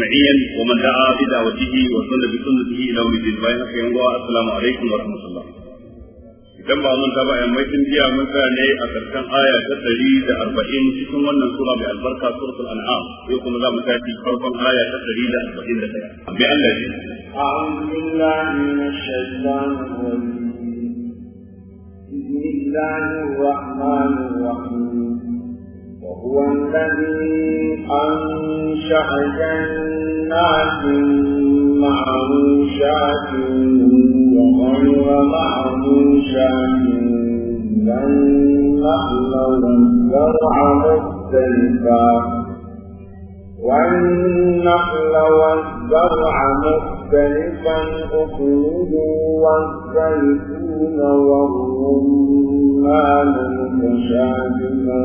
معيا ومن دعا بدعوته وسن بسنته الى يوم الدين باين السلام عليكم ورحمه الله idan ba mun ba yan mai jiya mun tsaya ne a karshen aya ta ɗari da arba'in cikin wannan sura mai albarka suratul an'am yau kuma za mu tafi farkon aya ta ɗari da arba'in da ɗaya bi Allah ji أعوذ بالله من الشيطان الرجيم بسم الله الرحمن الرحيم هو الذي أنشأ جنات معروشات وغير معروشات نحلو والزرع مختلفا والنخل والزرع مختلفا أكله والزيتون والرمان متشابها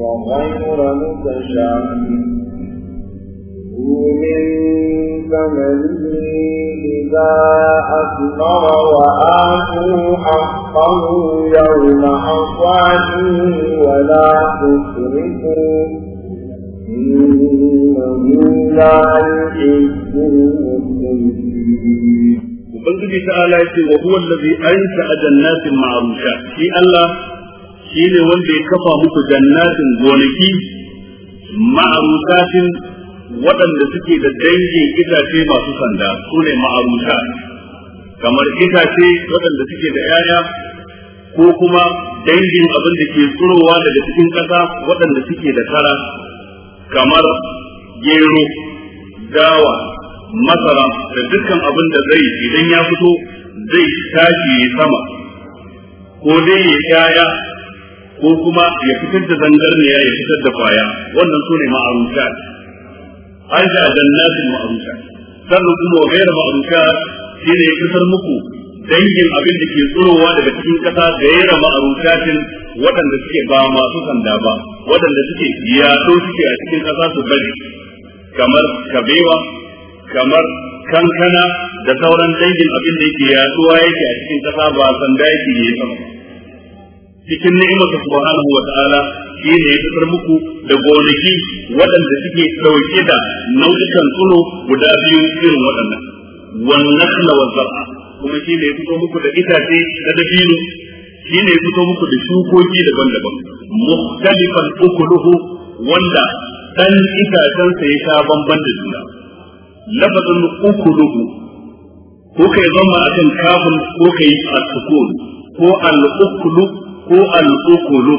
وغير متشابه من ثمنه إذا أثمر وآتوا حقه يوم حصاده ولا تسرفوا إنه لا يحب المسلمين Ubangiji ta'ala ya ce wa huwa allazi ansa'a jannatin shine wanda ya kafa muku jannatin gonaki ma'arusatin waɗanda suke da dangin itace masu sanda su ne ma'arusa kamar itace waɗanda suke da 'ya'ya ko kuma dangin abin da ke tsurowa daga cikin ƙasa waɗanda suke da tara kamar gero dawa masara da dukkan abin da zai idan ya fito zai tashi sama ko dai ya 'ya'ya ko kuma ya fitar da zangarniya ya fitar da kwaya wannan su ne ma'arusha aisha nasin ma'arusha sannan kuma wa gaira ma'arusha shi ne kusan muku dangin abin da ke tsirowa daga cikin kasa da ya rama a rusashin waɗanda suke ba masu sanda ba waɗanda suke yato suke a cikin kasa su bari kamar kabewa kamar kankana da sauran dangin abin da yake yatuwa yake a cikin kasa ba sanda yake yi sama cikin ni'imar subhanahu wa ta'ala shi ne ya tsar muku da gonaki waɗanda suke dauke da nau'ikan tsuno guda biyu irin waɗannan wannan wa zar'a kuma shi ne ya fito muku da itace da dabino shi ne ya fito muku da shukoki daban-daban mukhtalifan ukuluhu wanda dan itacen sa ya sha bamban da juna lafazin ukuluhu ko kai zama akan kafin ko kai a sukun ko al ko al-ukulu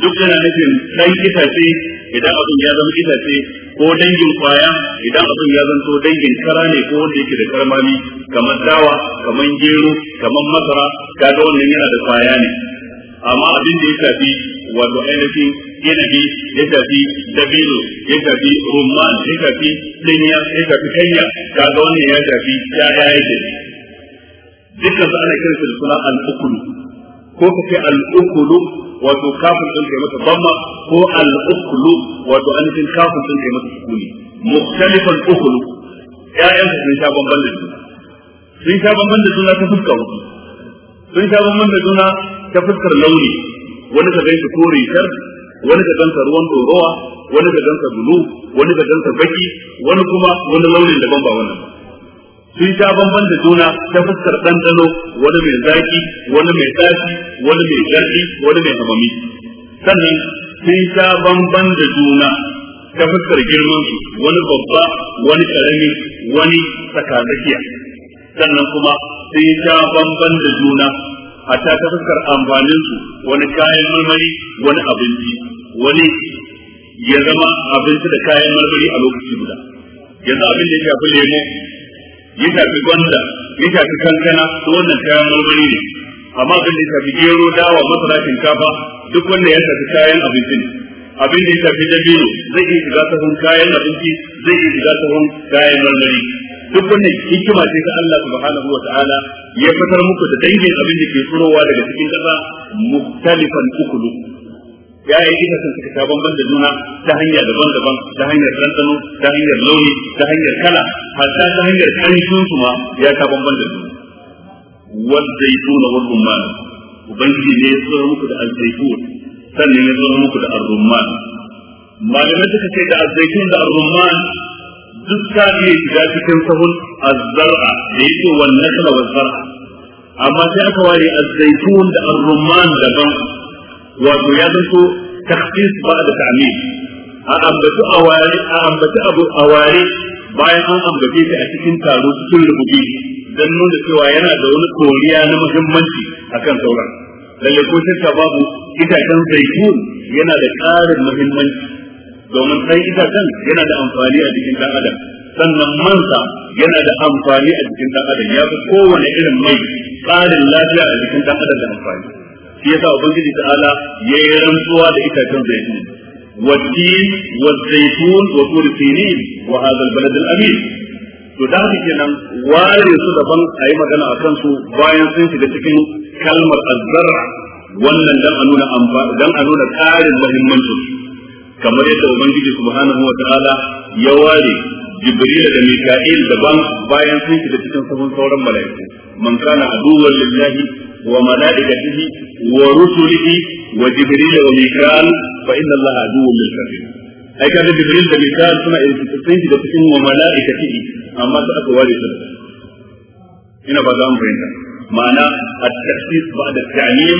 duk yana nufin dan itace idan abin ya zama itace ko dangin kwaya idan abin ya zanto dangin kara ne ko wanda yake da karmami kamar dawa kamar gero kamar masara kaga wannan yana da kwaya ne amma abin da ya shafi wato ainihin inabi ya shafi dabino ya shafi rumman ya shafi dinya ya shafi kanya kaga wannan ya shafi ya ya yake dukkan su ana kiransu da suna al-ukulu ko ka ce al'ukulu wato kafin sun kai masa bamma ko al'ukulu wato an kafin sun kai masa sukuni muktalifan ukulu ƴaƴan su sun sha bamban da juna sun sha bamban da juna ta fuskar wasu sun sha bamban da juna ta fuskar launi wani ka gaisa kore shar wani ka gansa ruwan dorowa wani ka gansa bulu wani ka gansa baki wani kuma wani launin daban ba wannan sun sha banban da juna ta fuskar ɗanɗano wani mai zaki wani mai tashi wani mai garɗi wani mai hamami sannan sun sha banban da juna ta fuskar girman su wani babba wani karami wani tsakanakiya sannan kuma sun sha banban da juna a ta ta fuskar amfanin su wani kayan marmari wani abinci wani ya zama abinci da kayan marmari a lokaci guda yanzu abin da ya shafi lemo ya shafi gwanda ya shafi kankana da wannan kayan marmari ne amma abin da ya shafi gero dawa masara shinkafa duk wanda ya shafi kayan abinci ne abin da ya shafi dabino zai iya shiga sahun kayan abinci zai iya shiga sahun kayan marmari duk wanda hikima ce ta Allah subhanahu wa ta'ala ya fitar muku da dangin abin da ke furowa daga cikin kasa muktalifan ukulu yayin ita sun suka ta bamban da juna ta hanya daban-daban ta hanyar ɗanɗano ta hanyar launi ta hanyar kala hatta ta hanyar ƙarfin su ma ya ta bamban da su والزيتون والرمان ubangiji ne ya tsoro muku da azzaitun sannan ya tsoro muku da arrumman malamai suka ce da azzaitun da arrumman duk ka iya shiga cikin sahun azzara da yi wannan kala wa zar'a amma sai aka ware azzaitun da arrumman daban wato ya zanto takhsis ba da ta'min a ambaci aware a ambaci abu aware bayan an ambace shi a cikin taro cikin rubuce dan nuna cewa yana da wani koriya na muhimmanci akan sauran lalle ko shakka babu itacen zaitun yana da ƙarin muhimmanci domin sai itacen yana da amfani a jikin dan adam sannan mansa yana da amfani a jikin dan adam ya fi kowane irin mai ƙarin lafiya a jikin dan adam da amfani shi yasa ubangiji ta'ala yayi rantsuwa da itacen zaitun والتين والزيتون وطور سينين وهذا البلد الأمين to da haka kenan ware su daban a yi magana a kansu bayan sun shiga cikin kalmar azzarra wannan dan a nuna dan a ƙarin muhimmancin kamar yadda ubangiji subhanahu wa ta'ala ya ware jibril da mika'il daban bayan sun shiga cikin sahun sauran mala'iku man kana aduwwan lillahi وملائكته ورسله وجبريل وميكال فإن الله عدو للكافرين أي كان جبريل وميكال سنة في بسكين وملائكته أما سأكوار سنة هنا بقام فإنها معنى التخصيص بعد التعليم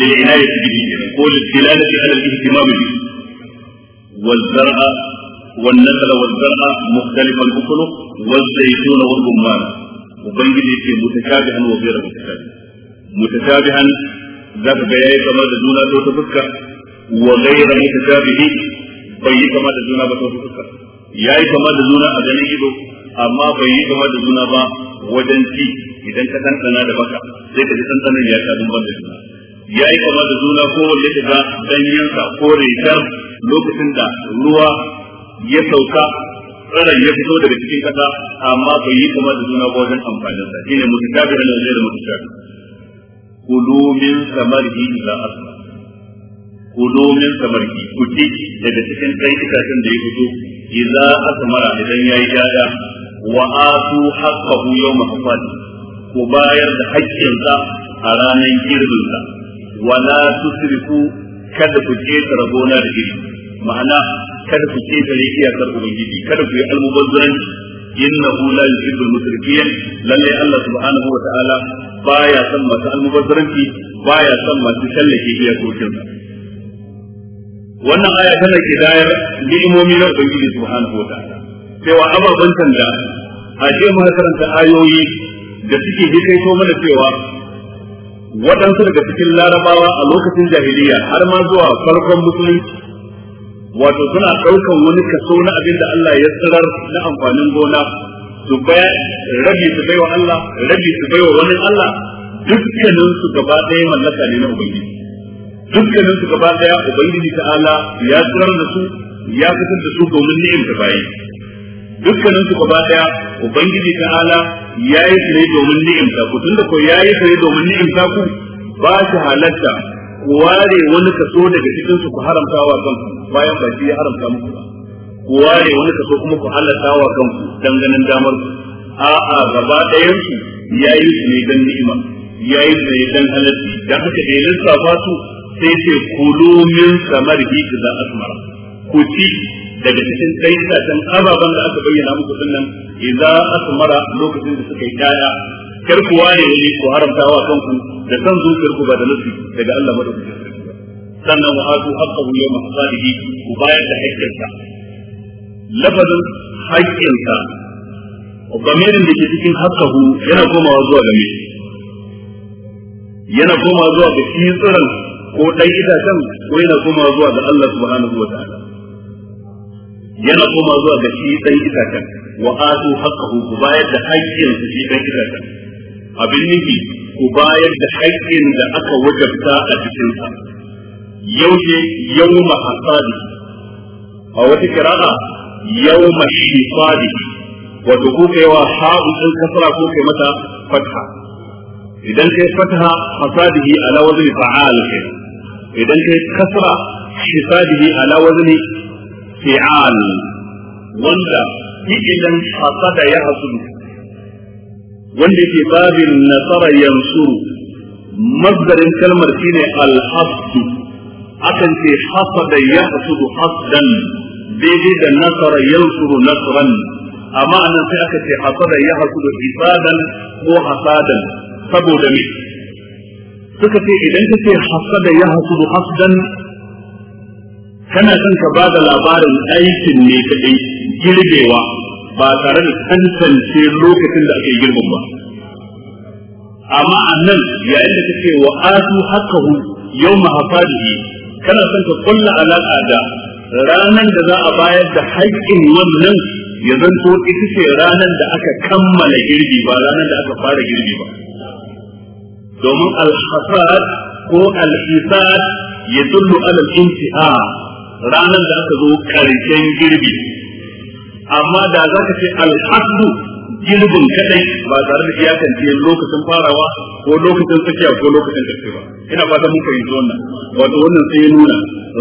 للعناية به قول الدلالة على الاهتمام به والزرع والنخل والزرع مختلف اكله والزيتون والرمان ubangiji ce mutashabihan wa ghayra mutashabih mutashabihan zaka ga yayi kamar da juna ta wata fuska wa ghayra mutashabih bai yi kamar da juna ba ta wata fuska yayi kamar da juna a ganin ido amma bai yi kamar da juna ba wajen ci idan ka tantana da baka sai ka ji tantanan ya ta bamban da juna ya yi kama da juna ko wanda ka ga danyensa ko rigar lokacin da ruwa ya sauka tsiran ya fito daga cikin kasa amma bai yi kama da suna ba wajen amfanin sa shine da zai da mutakabi kulu min samarhi ila asma kulu min ku ci daga cikin kai itacen da ya fito ila asmara idan yayi dada wa atu haqqahu yawma ku bayar da haƙƙinsa a ranar girbinsa wala tusrifu kada ku je gona da iri ma'ana kada ku ketare iyakar ubangiji kada ku yi almubazzaranci innahu la yuhibbu al-musrifin lalle Allah subhanahu wa ta'ala baya son masu almubazzaranci baya son masu shallake iyakokin wannan aya tana kidayar ni'imomi na ubangiji subhanahu wa ta'ala cewa ababen tanda a ce muka karanta ayoyi da suke hikaito mana cewa waɗansu daga cikin larabawa a lokacin jahiliya har ma zuwa farkon musulunci wato suna ɗaukan wani kaso na abin da Allah ya tsirar na amfanin gona su baya rabi su baiwa Allah rabi su baiwa wani Allah dukkanin su gaba ɗaya mallaka ne na ubangiji dukkanin su gaba ɗaya ubangiji ta'ala ya tsirar da su ya fitar da su domin ni'im ta bayi dukkanin su gaba ɗaya ubangiji ta'ala ya yi su domin ni'im ta ku tunda ko ya yi su domin ni'im ta ku ba shi halatta ku ware wani kaso daga cikin su ku haramta wa kanku bayan ba shi ya haramta muku ba ku ware wani kaso kuma ku halatta wa kanku danganin damar ku a'a gaba ɗayan su yayi su ne dan ni'ima yayi su ne dan halatti dan haka da safa su sai ce kulu min bi da asmara ku ci daga cikin ɗayan ababen da aka bayyana muku dinnan idan asmara lokacin da suka yi daya kar ku ware wani ku haramta wa kanku da san zuciyar ku ba da nufi daga Allah madaukakin sannan wa atu haqqahu yawma hasadihi ku bayar da haƙƙinsa lafazin haƙƙinsa ubamirin da ke cikin haqqahu yana komawa zuwa game, yana komawa zuwa ga shi tsiran ko dan itacen ko yana komawa zuwa ga Allah subhanahu wa ta'ala yana komawa zuwa ga shi dan itacen wa atu haqqahu ku bayar da haƙƙinsa shi dan itacen abin nufi ku bayar da haƙƙin da aka wajabta a cikinsa yaushe yawma hasadi a wata kira'a yawma shifadi wato ko kai wa ha'u din kasra ko kai mata fatha idan kai fatha hasadihi ala wazni fa'al kai idan kai kasra shifadihi ala wazni fi'al wanda idan hasada ya hasudu wanda yake babin nasara yansuru mazdarin kalmar shine al-hasdu akan ce hasada yahsudu hasdan daidai da nasara yansuru nasran amma anan sai aka ce hasada yahsudu hisadan ko hasadan saboda me suka ce idan ka ce hasada yahsudu hasdan kana son ka bada labarin aikin ne kadai girbewa ba tare da tantance lokacin da aka yi girbin ba amma annan yayin da kake wa haka hakahu yau hafadihi kana son ka kulla alaƙa da ranar da za a bayar da haƙƙin wannan ya zanto ita ce ranar da aka kammala girbi ba ranar da aka fara girbi ba domin alhasar ko alhisar ya dullu alal intiha ranar da aka zo karshen girbi amma da za ka ce alhaddu girbin kadai ba tare da iyakance lokacin farawa ko lokacin tsakiya ko lokacin ƙarshe ba ina fata mun fahimci wannan wato wannan sai ya nuna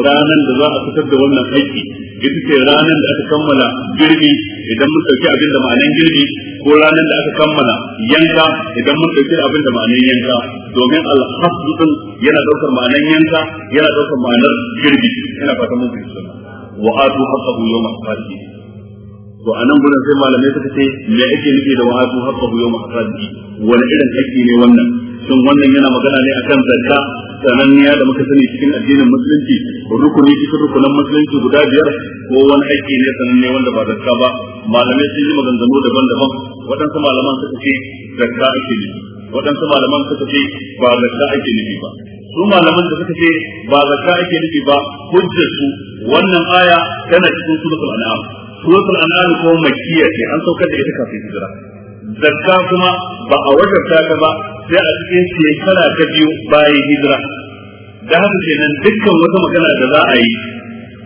ranar da za a fitar da wannan aiki ita ce ranar da aka kammala girbi idan mun sauke abin da ma'anin girbi ko ranar da aka kammala yanka idan mun sauke abin da ma'anin yanka domin alhassu din yana daukar ma'anin yanka yana daukar ma'anar girbi ina fata mun fahimci wannan wa atu haqqahu yawma qiyamah to a nan gudun sai malamai suka ce me ake nufi da wa'atu yau yawma hasadihi wani irin haƙƙi ne wannan shin wannan yana magana ne akan zakka sananniya da muka sani cikin addinin musulunci rukuni cikin rukunan musulunci guda biyar ko wani haƙƙi ne sananne wanda ba zakka ba malamai sun yi maganganu daban-daban waɗansu malaman suka ce zakka ake nufi waɗansu malaman suka ce ba zakka ake nufi ba su malaman da suka ce ba zakka ake nufi ba hujjar su wannan aya tana cikin suratul an'am suratul anam ko makkiya ce an saukar da ita kafin hijira zakka kuma ba a wajen ta ba sai a cikin shekara ta biyu bayan hijira da haka kenan dukkan wata magana da za a yi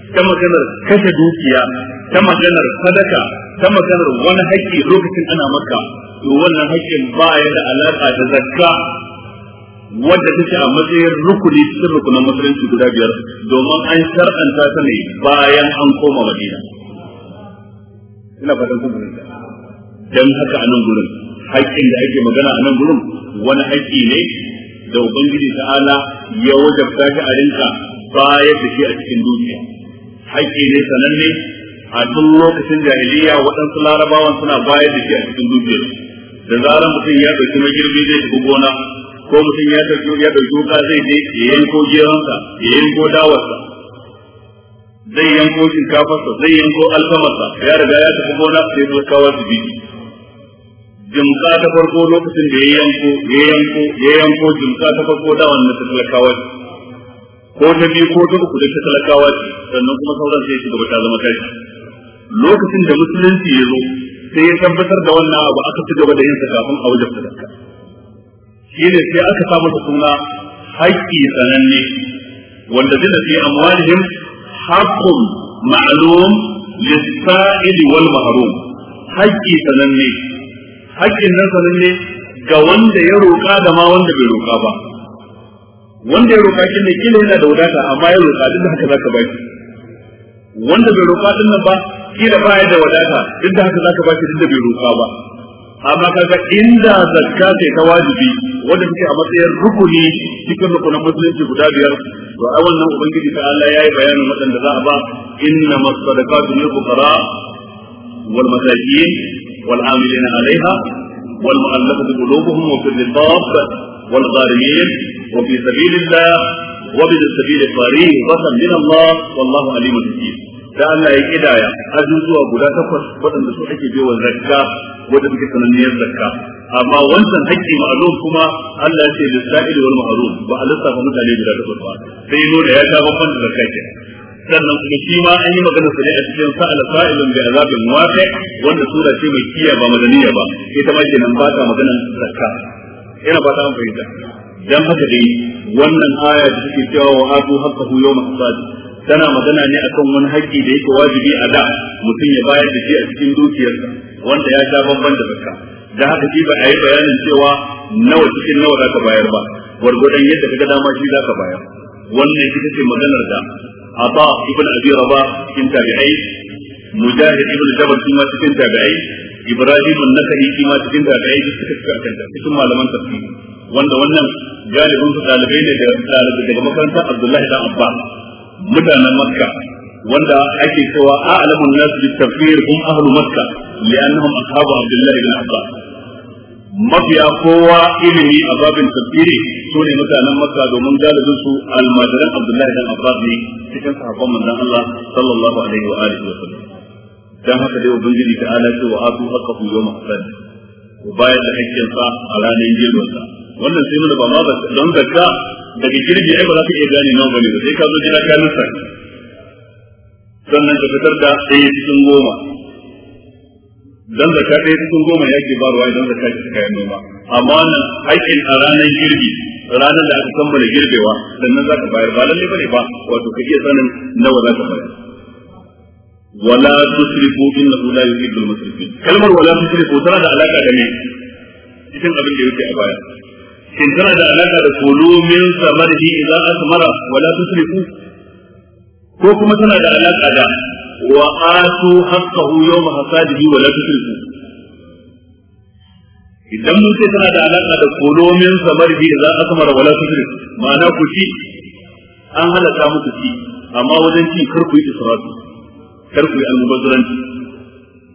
ta maganar kashe dukiya ta maganar sadaka ta maganar wani haƙƙi lokacin ana maka to wannan haƙƙin ba ya da alaƙa da zakka wanda take a matsayin rukuni cikin rukunan musulunci guda biyar domin an shar'anta ta ne bayan an koma madina ina fatan kun fahimta dan haka a nan gurin haƙƙin da ake magana a nan gurin wani haƙƙi ne da ubangiji ala ya wajabta shi a rinka bayar da shi a cikin dukiya haƙƙi ne sananne a tun lokacin jahiliya waɗansu larabawan suna bayar da shi a cikin dukiyar da zarar mutum ya ɗauki magirbi zai tafi gona ko mutum ya ɗauki ya ɗauki wuka zai je ya yanko geronsa ya yanko dawarsa zai yanko shinkafarsa zai yanko alfamarsa ya riga ya tafi gona sai kawo su biki jimsa ta farko lokacin da ya yanko ya yanko ya yanko jimsa ta farko da wannan ta talakawa ko ta biyu ko ta uku da ta talakawa sannan kuma sauran sai shiga ta zama tashi lokacin da musulunci ya zo sai ya tabbatar da wannan abu aka ci gaba da yin sa kafin a wajen sadaka shi ne sai aka samu suna haƙƙi sananne wanda zai da fi amwalihim haqqun ma'lum lis-sa'il wal mahrum haƙƙi sananne haƙƙin sananne ga wanda ya roƙa da ma wanda bai roƙa ba wanda ya roƙa kin ne kila yana da wadata amma ya roƙa duk da haka zaka ba shi wanda bai roƙa din nan ba kila ba ya da wadata duk da haka zaka ba shi duk da bai roƙa ba amma kaga inda zakka ce ta wajibi wanda take a matsayin rukuni cikin rukunan musulunci guda biyar to a wannan ubangiji ta Allah yayi bayanin waɗanda za a ba inna masadaqatu lil fuqara wal masakin wal amilina alaiha wal mu'allafati qulubuhum wa fil riqab wal gharimin wa fi sabilillah wa bi sabili fariqatan min Allah wallahu alimun hakim da Allah ya kidaya ajujuwa guda takwas waɗanda su ake biyo zakka wanda suke sananniyar zakka amma wancan haƙƙi ma'lum kuma Allah ya ce lisa'il wal ma'lum ba a lissafa mutane guda takwas ba sai nuna ya ta babban zakka ke sannan kuma shi ma an yi magana sa ne a cikin sa'ala sa'ilun bi azabin waqi wanda sura ce mai kiyaye ba madaniya ba ita ma kenan ba ta maganan zakka ina ba ta an fahimta dan haka dai wannan aya da take cewa wa atu haqqahu yawma hasadi tana magana ne akan wani haƙƙi da yake wajibi a da mutum ya bayar da shi a cikin dukiyarsa wanda ya sha bamban da zakka da haka shi ba a yi bayanin cewa nawa cikin nawa za ka bayar ba gwargwadon yadda kaga dama shi za ka bayar wannan shi ce maganar da Aba ibn Abi Rabah cikin tabi'ai Mujahid ibn Jabal shi ma cikin tabi'ai Ibrahim an-Nakhai shi ma cikin tabi'ai duk suka fita kan ta cikin malaman tafsiri wanda wannan galibin su dalibai ne daga makarantar Abdullahi dan Abbas mutanen makka wanda ake cewa a'lamu an-nas bi tafsir hum ahlu makka li'annahum ashabu abdullah ibn abbas mafiya kowa ilimi a babin tafsiri su ne mutanen makka domin galibin su almajiran abdullah ibn abbas ne cikin sahabban manzon Allah sallallahu alaihi wa alihi wa sallam dan haka dai ubangiji ta ala ce wa atu haqqahu yawma hasad ku bayar da hakkin sa a ranar jirgin sa wannan sai nuna ba ma don zakka daga girbi ai ba za ka iya gane nawa bane ba sai ka zo jina ka sannan ka fitar da ɗaya cikin goma dan zaka ɗaya cikin goma ya ke barwa idan zaka ci kayan noma amma nan aikin a ranar girbi ranar da aka kammala girbewa sannan za ka bayar ba lalle bane ba wato ka iya sanin nawa za ka bayar wala tusrifu innahu لا يحب المسرفين kalmar ولا تسرفوا tana da alaka da ne cikin abin da a baya shin tana da alaka da kulumin samarhi idan mara wala tusrifu ko kuma tana da alaka da wa atu haqqahu yawma hasadihi wala tusrifu idan mun ce tana da alaka da kulumin samarhi idan mara wala tusrifu ma'ana ku ci an halaka muku ci amma wajen ci kar ku yi israfi kar ku yi almubazzaranci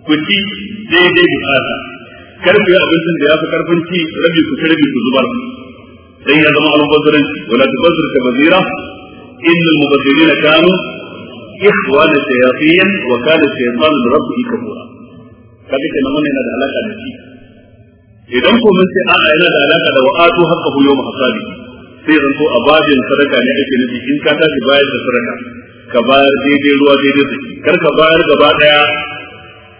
ku ci daidai bukata kar ku yi abincin da ya fi karfin ci rabi ku ci rabi ku zubar sai ya zama almubazzaranci wala tubazzir ka bazira innal mubazzirina kanu ikhwan shayatin wa kana shaytan bi rabbihi kafura kaga kenan wannan yana da alaka da shi idan ko mun sai a'a yana da alaka da wa'atu haqqahu yawm hasabi sai zanto a babin sadaka ne ake nufi in ka tashi bayar da sadaka ka bayar daidai ruwa daidai saki kar ka bayar gaba daya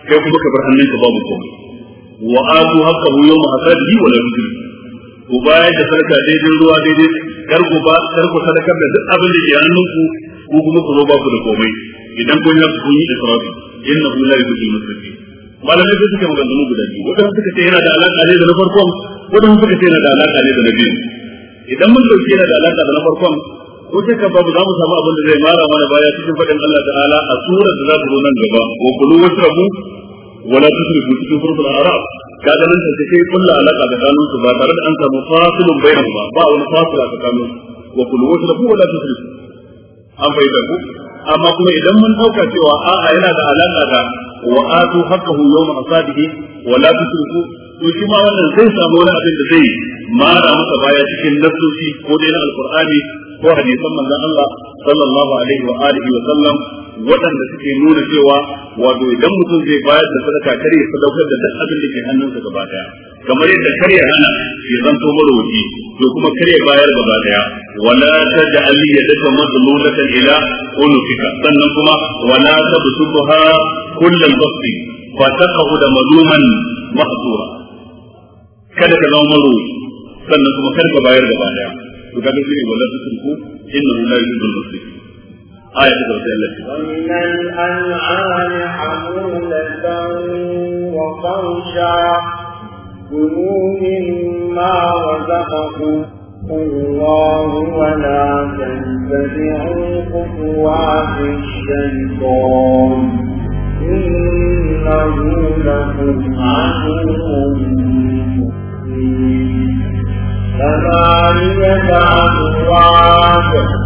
sai kuma ka bar hannun ka babu komai wa atu haqqahu yawma hasadihi wa la yusrik ku bayar da sarka daidai ruwa daidai kar ku ba kar ku sadakar da duk abin da ke hannunku ku kuma ku zo ba ku da komai idan kun yi kun yi na innahu la yuhibbul musrifin malamai sai suka maganganu guda biyu wadanda suka ce yana da alaka ne da na farkon wadanda suka ce yana da alaka ne da na biyu idan mun dauki yana da alaka da na farkon ko ce ka babu za mu samu abin da zai mara mana baya cikin faɗin Allah ta'ala a surar da za ta zo nan gaba ko kulu wasrabu wala tusrifu cikin suratul a'raf kaga nan take sai kullu alaka da a su ba tare da an samu fasilun bainahu ba ba wani fasila tsakanin wa kullu wasrafu wala tusrifu an bai ku amma kuma idan mun dauka cewa a'a yana da alaka da wa atu haqqahu yawma asadihi wala tusrifu to shi ma wannan zai sami wani abin da zai mara masa baya cikin nassosi ko dai ko hadisan manzon Allah sallallahu alaihi wa sallam waɗanda suke nuna cewa wato idan mutum zai bayar da sadaka kar ya sadaukar da duk abin da ke hannunsa gaba daya kamar yadda kare hana ya zanto marwaji to kuma kare ya bayar gaba daya wala taj'al yadaka mazlulatan ila unufika sannan kuma wala tabsutuha kullal basti fa taqud maluman mahdura kada ka zama marwaji sannan kuma kada ka bayar gaba daya to kada kaga shine wala tusriku innahu la yuhibbul muslimin آية تقول التي ومن الأنعام حمولة وفرشا كلوا مما رزقكم الله ولا تتبعوا خطوات الشيطان إنه لكم عدو مبين ثمانية أبواب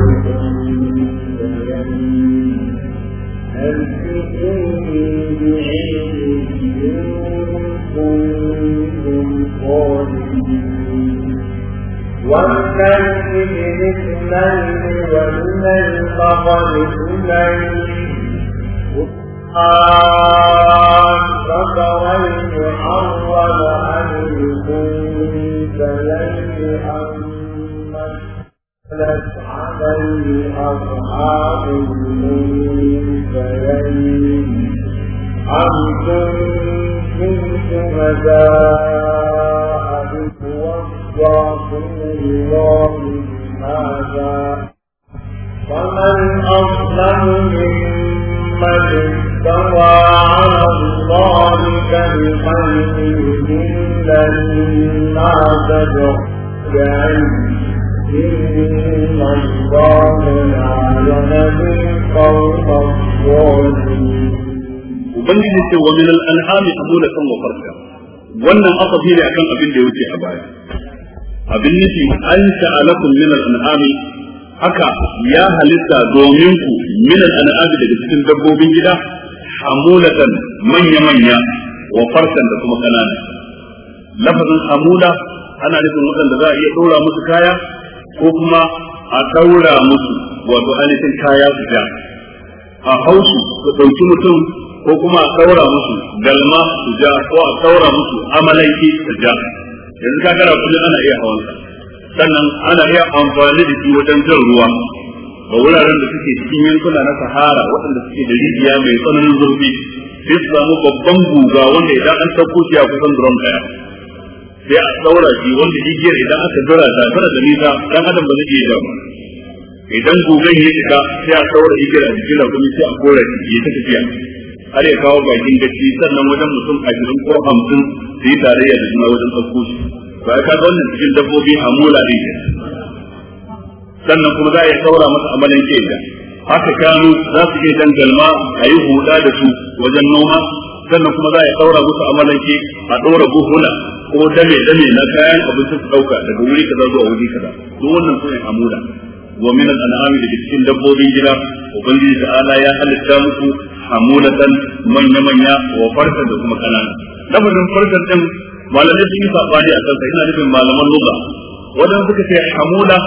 تعتذر إن الله لا يهدي القوم الظالمين Ubangiji ce wa minal an'ami abula kan wa farka wannan asabi ne akan abin da ya wuce a baya abin nufi an sha'alakum min al-an'ami haka ya halitta domin ku min al-an'ami daga cikin dabbobin gida hamulatan manya manya wa farkan da kuma kanana lafazin hamula ana nufin waɗanda za a iya ɗora musu kaya ko kuma a ɗaura musu wato ainihin kaya su ja a hausu su ɗauki mutum ko kuma a ɗaura musu galma su ja ko a ɗaura musu amalanki su ja yanzu ka gara kullum ana iya hawansa sannan ana iya amfani da shi wajen jan ruwa ga wuraren da suke cikin yankuna na sahara waɗanda suke da rijiya mai tsananin zurfi sai su samu babban guga wanda idan an sauko shi a kusan drum ɗaya sai a daura shi wanda igiyar idan aka dora da fara da nisa dan adam ba zai iya ba. idan gugan ya shiga sai a daura igiyar a jikin kuma sai a kora shi ya tafi tafiya har ya kawo bakin gaci sannan wajen mutum a jirin ko hamsin su yi tarayya da jima wajen ɗauko shi ba ka ga wannan cikin dabbobi a mula ne sannan kuma za a iya saura masa amalan da. haka kanu za su iya dangalma a yi huda da su wajen noma sannan kuma za a daura musu amalanke a daura buhuna ko dame dame na kayan abinci su dauka daga wuri kaza zuwa wuri kaza duk wannan sune amuda wa min al-an'ami da cikin dabbobin gida ubangiji da ala ya halitta musu hamulatan manya manya wa farkan da kuma kanana lafazin farkan din malamai sun yi sabani a sai ina nufin malaman lugha wadanda suka ce hamula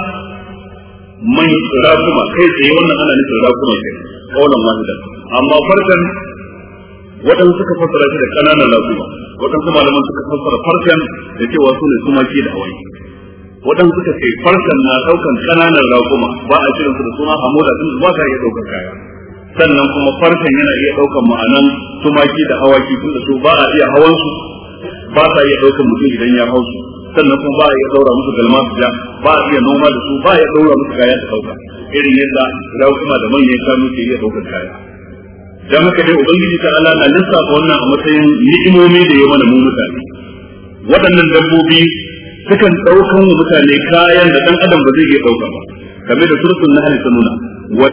man rakuma kai tsaye wannan ana nufin rakuma kai kaulan da, amma farkan wadan suka fassara shi da kananan raƙuma wadan kuma malaman suka fassara farkan da cewa su ne tumaki da hawai wadan suka ce farkan na daukan kananan raƙuma ba a kiransu da suna hamoda din ba ka iya daukar kaya sannan kuma farkan yana iya daukan ma'anan tumaki da hawaki tunda su ba a iya hawan su ba sa iya daukan mutum idan ya hau su sannan kuma ba a iya daura musu galma su ja ba a iya noma da su ba a iya daura musu kaya da dauka irin yadda kuma da manyan shanu ke iya daukan kaya dan haka dai ubangiji ta ala na lissafa wannan a matsayin ni'imomi da ya mana mu mutane waɗannan dabbobi sukan ɗaukan wa mutane kayan da ɗan adam ba zai iya ɗauka ba kamar da surutun na halitta nuna wa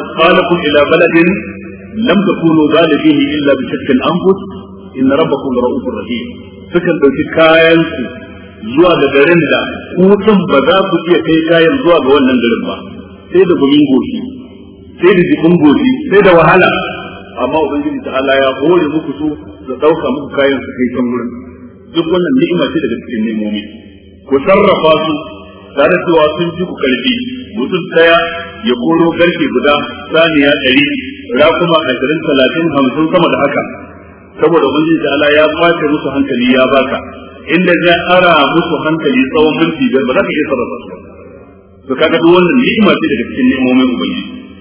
asqalakum ila baladin lam takunu zalibihi illa bi shakkin anfus inna rabbakum ra'ufur rahim sukan ɗauki kayan su zuwa ga garin da hutun ba za ku iya kai kayan zuwa ga wannan garin ba sai da gumin goshi sai da jikin goshi sai da wahala amma ubangiji ta Allah ya hore muku su da dauka muku kayan su kai can wurin duk wannan ni'ima ce daga cikin nemomi ku sarrafa su tare cewa sun ci ku karfi mutum daya ya koro garke guda saniya ɗari rakuma ashirin talatin hamsin sama da haka saboda ubangiji ta Allah ya kwace musu hankali ya baka inda zai ara musu hankali tsawon minti biyar ba za ka iya sarrafa su ba. to kaga duk wannan ni'ima ce daga cikin nemomin ubangiji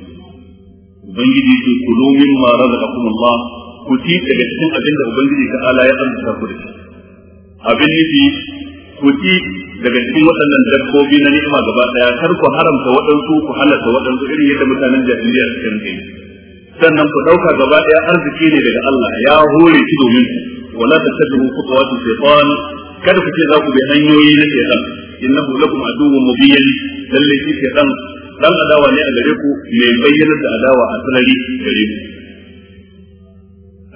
ubangiji ce ku nomin ma razaqakum Allah ku ci daga cikin abin da ubangiji ta ala ya arzuta ku da shi abin nufi ku ci daga cikin waɗannan dabbobi na ni'ima gaba daya kar ku haramta waɗansu ku halatta waɗansu irin yadda mutanen jahiliya suke rike sannan ku dauka gaba daya arziki ne daga Allah ya hore shi domin wala tattabi'u khutuwati shaytan kada ku ce za ku bi hanyoyi na shaytan innahu lakum aduwwun mubin lalle shi shaytan dan adawa ne a gare ku mai bayyana da adawa a sanari gare ku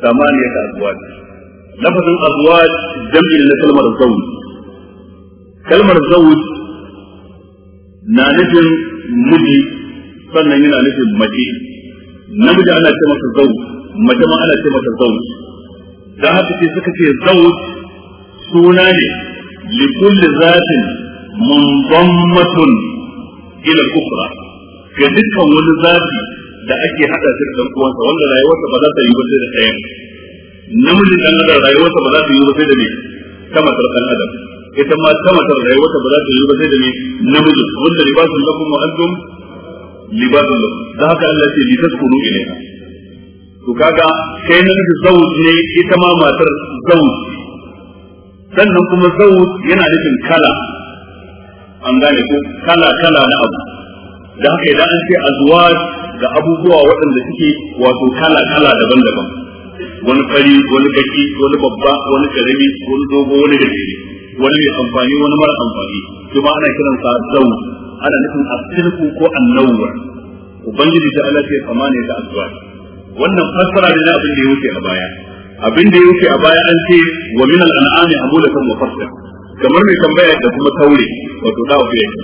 samaniya ta azwaj lafazin azwaj jam'i na kalmar zawj kalmar zawj na nufin miji sannan yana nufin mace namiji ana ce masa zawj mace ma ana ce masa zawj da haka ce suka ce zawj suna ne likulli zatin munzammatun ila al-ukhra ga dukkan wani zafi da ake hada shi da uwansa wanda rayuwarsa ba za ta yi ba sai da ɗaya namijin dan adam rayuwarsa ba za ta yi ba sai da me ta matar dan adam ita ma ta matar rayuwarsa ba za ta yi ba sai da me namiji wanda libasun lakum wa antum libasun lakum da haka Allah ce li taskunu ilayha to kaga kai namiji zawj ne ita ma matar zawj sannan kuma zawj yana nufin kala an gane ko kala kala na abu da haka idan an ce azwaj ga abubuwa waɗanda suke wato kala kala daban-daban wani fari wani gaki, wani babba wani karami wani dogo wani gajere wani mai amfani wani mara amfani kuma ana kiran sa zau ana nufin asirku ko annawar ubangiji ta Allah ce kama ne da azwaj wannan fassara ne na abin da ya wuce a baya abin da ya wuce a baya an ce wa min al-an'ami amulatan wa fasla kamar mai tambaya da kuma taure wato da ku yake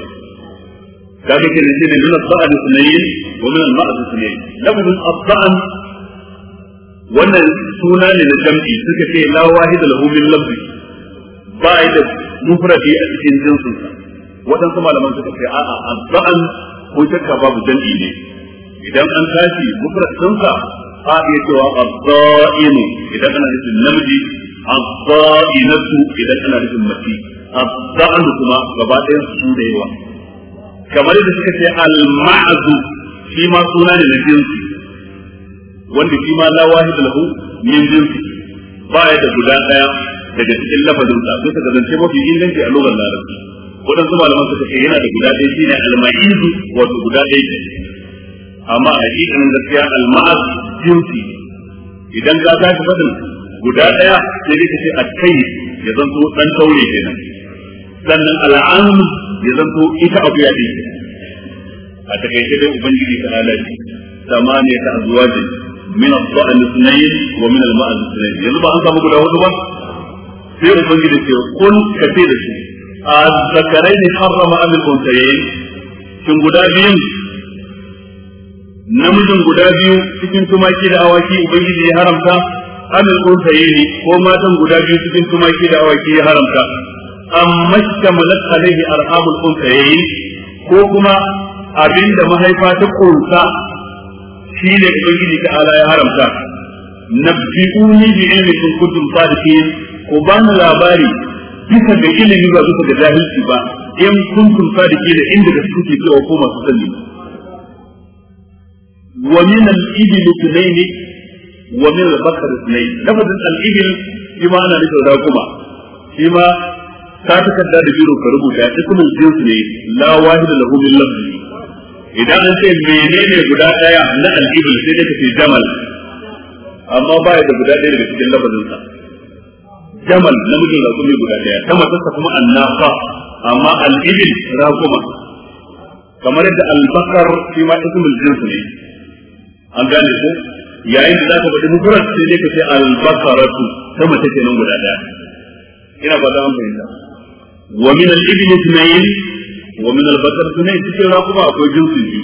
da kake ne shine min al-ba'd sunayn wa min al-ma'd sunayn lafazin al-ba'd wannan suna ne na jam'i suka ce la wahida lahu min lafzi ba ya da mufradi a cikin jinsin sa wadansu malaman suka ce a'a al-ba'd ko shakka babu jam'i ne idan an tashi mufradin sa a iya cewa al-za'imu idan ana nufin namiji as-sa'inatu idan ana nufin mace as-sa'nu kuma gaba ɗayan su da yawa kamar da suka ce al-ma'zu shi ma suna ne na jinsi wanda shi ma la wahid lahu min jinsi ba ya da guda daga cikin sa a lugar larabci waɗansu malaman suka ce yana da guda ɗaya shine al-ma'izu wato guda ɗaya amma a hakikanin gaskiya al-ma'az jinsi idan ka zaka fadin guda daya sai dai kace a kai ya zanto dan taure kenan sannan al'am ya zanto ita abu ya dai a takaice dai ubangiji ta alaji samaniya ta azwajin min al-dha'n ithnayn wa min al-ma'az ithnayn yanzu ba an samu guda hudu ba sai ubangiji ce kun kace da shi. su الذكرين حرم أم الأنثيين shin guda biyun namijin guda biyu cikin tumaki da awaki ubangiji ya haramta anil unsayni ko matan guda biyu cikin tumaki da awaki ya haramta amma kamalat alaihi arhamul yi, ko kuma abinda mahaifa ta kunsa shine ubangiji ta ala ya haramta nabbi'uni bi ilmikum kuntum sadiqin ku ban labari bisa da ilimi ba bisa ga jahilci ba in kuntum sadiqin inda da kuke cewa ko masu sani wa min al-ibil wa min al-bakr sunai lafazin al-ibil shi ma ana nufin raguma shi ma ka takarda da biro ka rubuta ismul jins ne la wahida lahu min lafzi idan an ce menene guda daya na al-ibil sai da kace jamal amma ba ya da guda daya daga cikin lafazin sa jamal namijin rakumi guda daya ta matarsa kuma annafa amma al-ibil raguma kamar yadda al-bakar shi ma ismul jins ne an gane ko yayin da zaka faɗi mufrad sai dai ka ce al-baqaratu ta mace nan guda ɗaya. ina ba an fahimta wa min al-ibli ithnayn wa min al-baqar ithnayn cikin raquba akwai jinsi biyu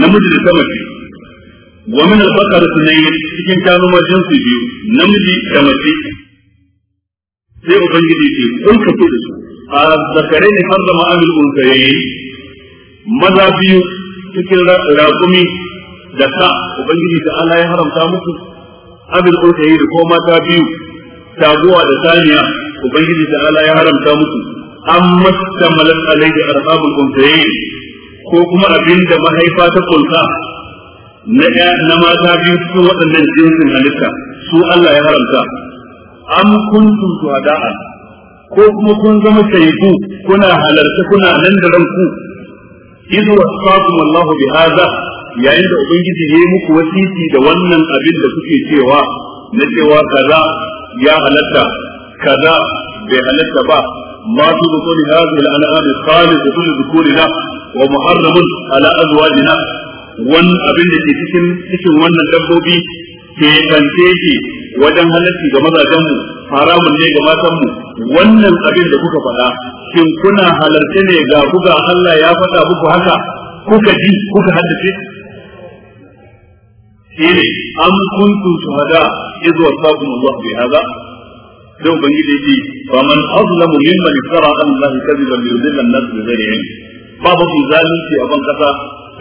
namiji da ta mace wa min al-baqar ithnayn cikin kanu ma jinsi biyu namiji da mace sai ubangiji ce kun ka ce da su a zakarai ne har zama amil unsayi maza biyu cikin raƙumi da ka ubangiji ta Allah ya haramta musu abin yi da ko mata biyu taguwa da saniya ubangiji ta Allah ya haramta musu an mastamalat alaihi arhamul unsayin ko kuma abin da mahaifa ta kulka na na mata biyu cikin waɗannan jinsin halitta su Allah ya haramta am kuntum shuhada'a ko kuma kun zama shaidu kuna halarta kuna nan da ranku idh wasaqakum Allahu bi hadha yayin da ubangiji ya yi muku wasiti da wannan abin da kuke cewa na cewa kaza ya halatta kaza bai halatta ba ما في بطون هذه الأنعام خالصة لذكورنا ومحرم على wa muharramun أبن لكي تكن Wani abin da ke kance shi wajen halarci ga mazajenmu haramun ne ga matanmu wannan abin da kuka faɗa shin kuna halarce ne ga kuka Allah ya faɗa muku haka kuka ji kuka haddace shine am kuntum shuhada idh wasaqakum Allah bi hada sai ubangiji yake fa man azlamu mimman iftara ala Allah kadhiban yudilla an-nas bi ghairi ilm ba ba ku zalunci a ban kasa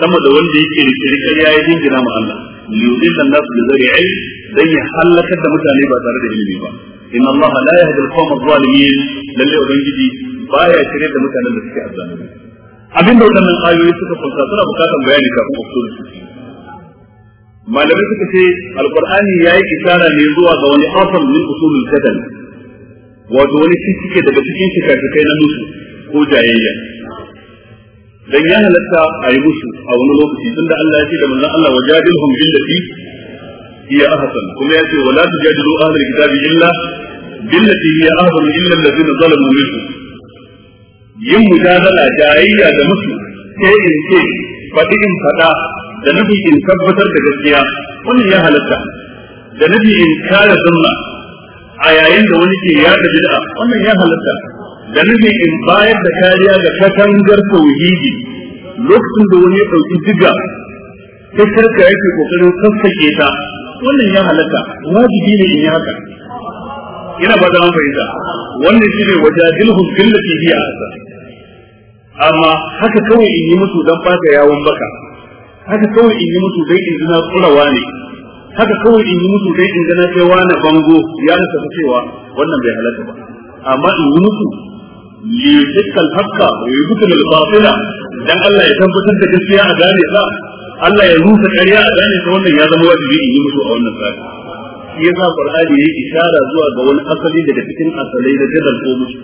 sama da wanda yake rikiri ƙarya ya jingina ma Allah yudilla an-nas bi ghairi ilm dan ya halakar da mutane ba tare da ilimi ba inna Allah la yahdi al-qawm adh-dhalimin lalle ubangiji baya shirye da mutanen da suke azzalimi abinda wannan ayoyi suka kunsa suna bukatar bayani kafin ku su malamai suka ce ya yi isara ne zuwa ga wani asal min usulul kadal wato wani cikike daga cikin shikashikai na musu ko jayayya dan ya halatta a yi musu a wani lokaci tunda Allah ya ce da manzon Allah wajadilhum billati hiya ahsan kuma ya ce wala tujadilu ahlul kitabi illa billati hiya ahsan illa alladhina zalamu minhum yin mujadala jayayya da musu sai in ce faɗi in faɗa da nufi in tabbatar da gaskiya wannan ya halatta da nufi in kare sunna a yayin da wani ke yada bid'a wannan ya halatta da nufi in bayar da kariya ga katangar tauhidi lokacin da wani ya ɗauki diga ta karka yake kokarin sassake ta wannan ya halatta wajibi ne in yi haka ina ba da an fahimta wannan shine wajadilhum billati hiya asa amma haka kawai in yi musu dan baka yawon baka haka kawai in yi mutu dai in gina tsurawa ne haka kawai in yi musu dai in gina cewa na bango ya nasa ta cewa wannan bai halatta ba amma in yi mutu, liyusikal haka, wa yusikal al-batila dan Allah ya tabbatar da gaskiya a gane sa Allah ya rusa ƙarya a gane ta wannan ya zama wajibi in yi mutu a wannan tsari shi yasa Qur'ani yi ishara zuwa ga wani asali daga cikin asalai da jadal ko musu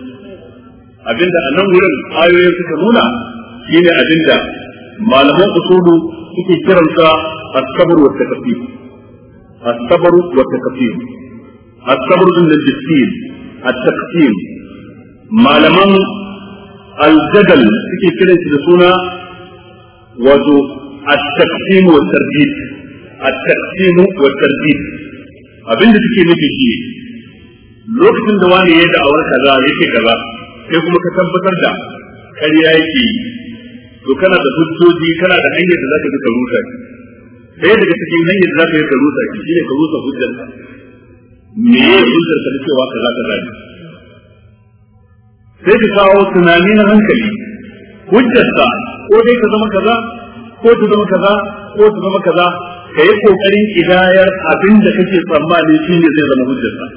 abinda a nan wurin ayoyin suka nuna shine abinda malaman usulu suke kiransa asabar wa takfir asabar wa takfir asabar din da jikin at-taqsim malaman al-jadal suke kiransa da suna wato at-taqsim wa tarbit at-taqsim wa tarbit abinda suke nufi shi lokacin da wani ya da'awar kaza yake kaza sai kuma ka tabbatar da ƙarya yake yi to kana da hujjoji kana da hanyar da zaka bi ka rusa shi sai daga cikin hanyar da zaka yi ka rusa shi shine ka rusa hujjar ka me ya hujjar ka cewa ka za ka sai ka kawo tunani na hankali hujjar ka ko dai ka zama kaza ko ta zama kaza ko ta zama kaza ka yi kokarin idayar abin da kake tsammani shine zai zama hujjar ka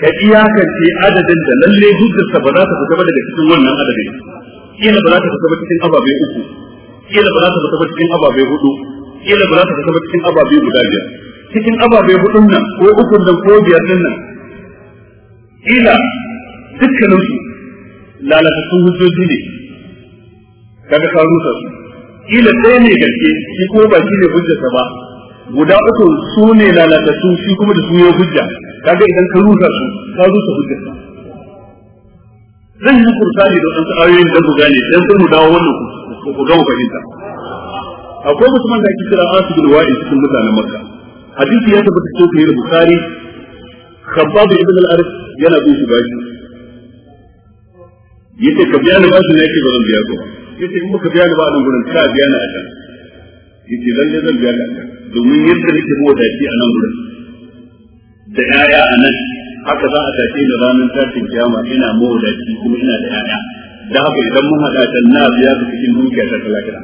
ka iyakance adadin da lalle hujjar ba za ta fita ba daga cikin wannan adadin kila ba za ta fita cikin ababe uku kila ba za ta fita cikin ababe hudu kila ba za ta fita cikin ababe guda biyar cikin ababe hudun nan ko uku nan ko biyar din nan kila dukkanin su lalatattun hujjoji ne kaga ka rusa su kila ɗaya ne gaske shi kuma ba shi ne hujjarsa ba guda uku su ne lalatattu shi kuma da su ya hujja kaga idan ka rusa su ka rusa hujjarsa zan yi kursani da wadansu ayoyin da ku gane dan sai mu dawo wannan ku ku ga fahimta akwai mutumin da ake kira asu bin wa'il cikin mutanen makka hadisi ya tabbata cikin sahih bukhari khabbab ibn al-arif yana bin shi bashi yace ka biya ni bashi ne yake ba zan biya ko yace in baka biya ni ba nan gurin ka biya ni a can yace lalle zan biya ka domin yadda nake mu wadaci a nan gurin da yaya a nan haka za a tafi da ranar tashin kiyama ina mawadaci kuma ina da ƴaƴa da haka idan mun haɗa ta na biya su cikin dukiya ta talakira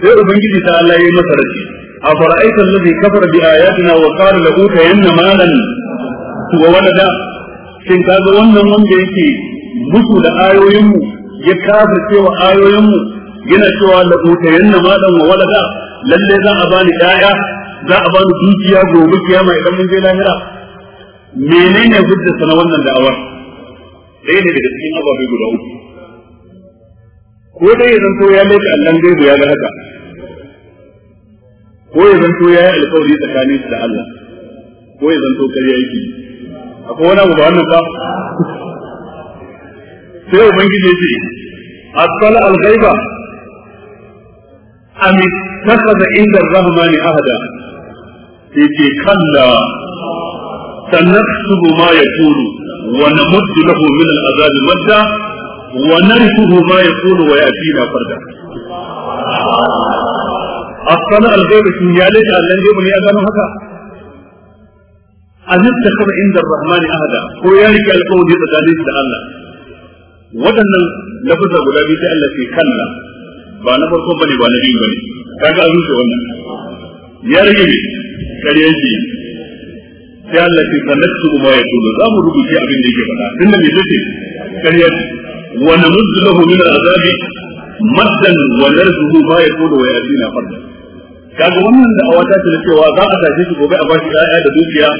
sai ubangiji ta Allah ya masa rashi a fara'aita allazi kafara bi ayatina wa qala lahu yanna malan wa walada shin kaga wannan wanda yake musu da ayoyinmu ya kafir cewa ayoyinmu yana cewa la yanna malan wa walada Lallai za a bani ɗaya. za a bani dukiya gobe kiyama idan mun je lahira menene hujjar sana wannan da'awar dai ne daga cikin ababe guda uku ko dai zan to ya laifi allan gaibu ya ga haka ko ya to ya yi alƙawari tsakanin da Allah ko ya zanto ya yi akwai wani abu ba wannan ka? sai ubangiji ya ce asal al-ghaiba am ittakhadha inda ar-rahmani ahada sai ce kalla sanaktubu ma yaqulu wa namuddu lahu min al-azab madda wa ma yaqulu wa yatina farda asana al-ghaibu shin ya laita Allah gaibu ne haka an tattaka inda ar-rahman ahada ko ya rike alƙawari tsakanin da Allah waɗannan lafazar guda biyu sai Allah ke kalla ba na farko bane ba na wannan ya kariya ce sai Allah ce su kuma ya tudu za mu rubuce abin da yake faɗa tunda me yake kariya ce wa namudduhu min azabi maddan wa narzuhu ma ya tudu wa na farda kaga wannan da awata ce cewa za a tashi shi gobe a bashi ɗaya da dukiya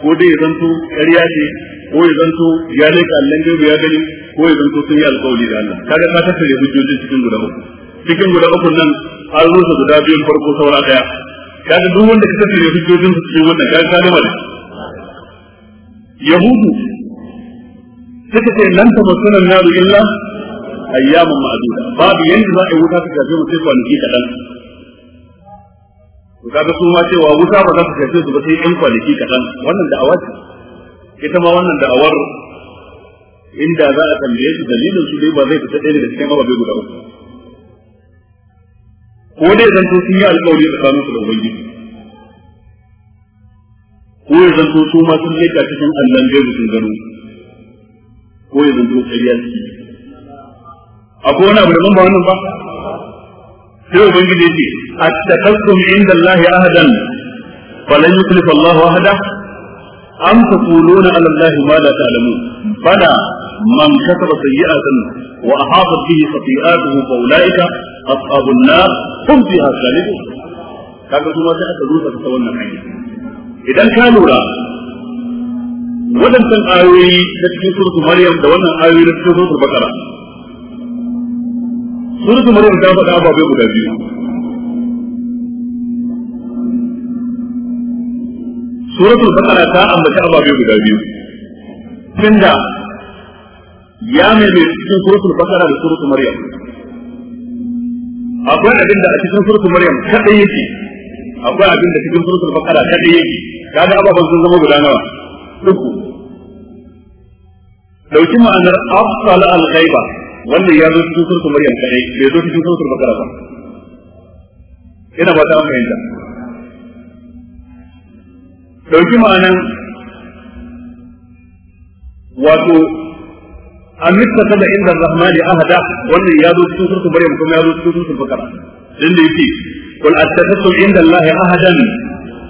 ko dai ya zanto kariya ce ko ya zanto ya ka allon gaibu ya gani ko ya zanto sun yi alkawali da Allah kaga ka tattare hujjojin cikin guda uku cikin guda uku nan an rusa guda biyun farko saura daya kaga duk wanda ka tafi da hujjojin su cikin wannan kaga kana mali yahudu suka ce nan ta masana naru illa ayyaman ma'duda babu yanda za a yi wuta ta kafe mu sai kwanaki kadan to kaga su ma cewa wuta ba za ta kafe su ba sai yan kwanaki kadan wannan da'awa ce ita ma wannan da'awar inda za a tambaye su dalilin su dai ba zai fita ɗaya daga cikin ababe guda uku ko dai zanto sun yi alƙawari tsakanin su da ubangiji ko ya zanto su ma sun leka cikin allan da sun gano ko ya zan zanto ƙarya ciki akwai wani abu da ban ba wannan ba sai ubangiji yake attaqastum inda allahi ahadan falan yuklifa allahu ahada am taquluna ala allahi ma la ta'lamun bala man kataba sayyi'atan wa ahabat bihi khati'atuhu fa ulaika ashabun nar hum fiha khalidun kaga kuma sai aka rusa ta wannan hanya idan ka lura waɗancan ayoyi na cikin suratul maryam da wannan ayoyi na cikin suratul bakara suratul maryam ta faɗa ababai guda biyu suratul bakara ta ambaci ababai guda biyu tunda ya mai mai cikin suratul bakara da suratul maryam akwai abin da a cikin suratul maryam kadai yake akwai abin da cikin suratul bakara kadai yake kaga ababen sun zama guda nawa uku dauki ma'anar afsal al-ghaiba wannan ya zo cikin suratul maryam kadai bai zo cikin suratul bakara ba ina ba ta fahimta dauki ma'anar wato an mitta da inda rahmani ahada wannan ya zo cikin surtu maryam kuma ya zo cikin surtu bakara din da yake kul attakhasum inda allah ahadan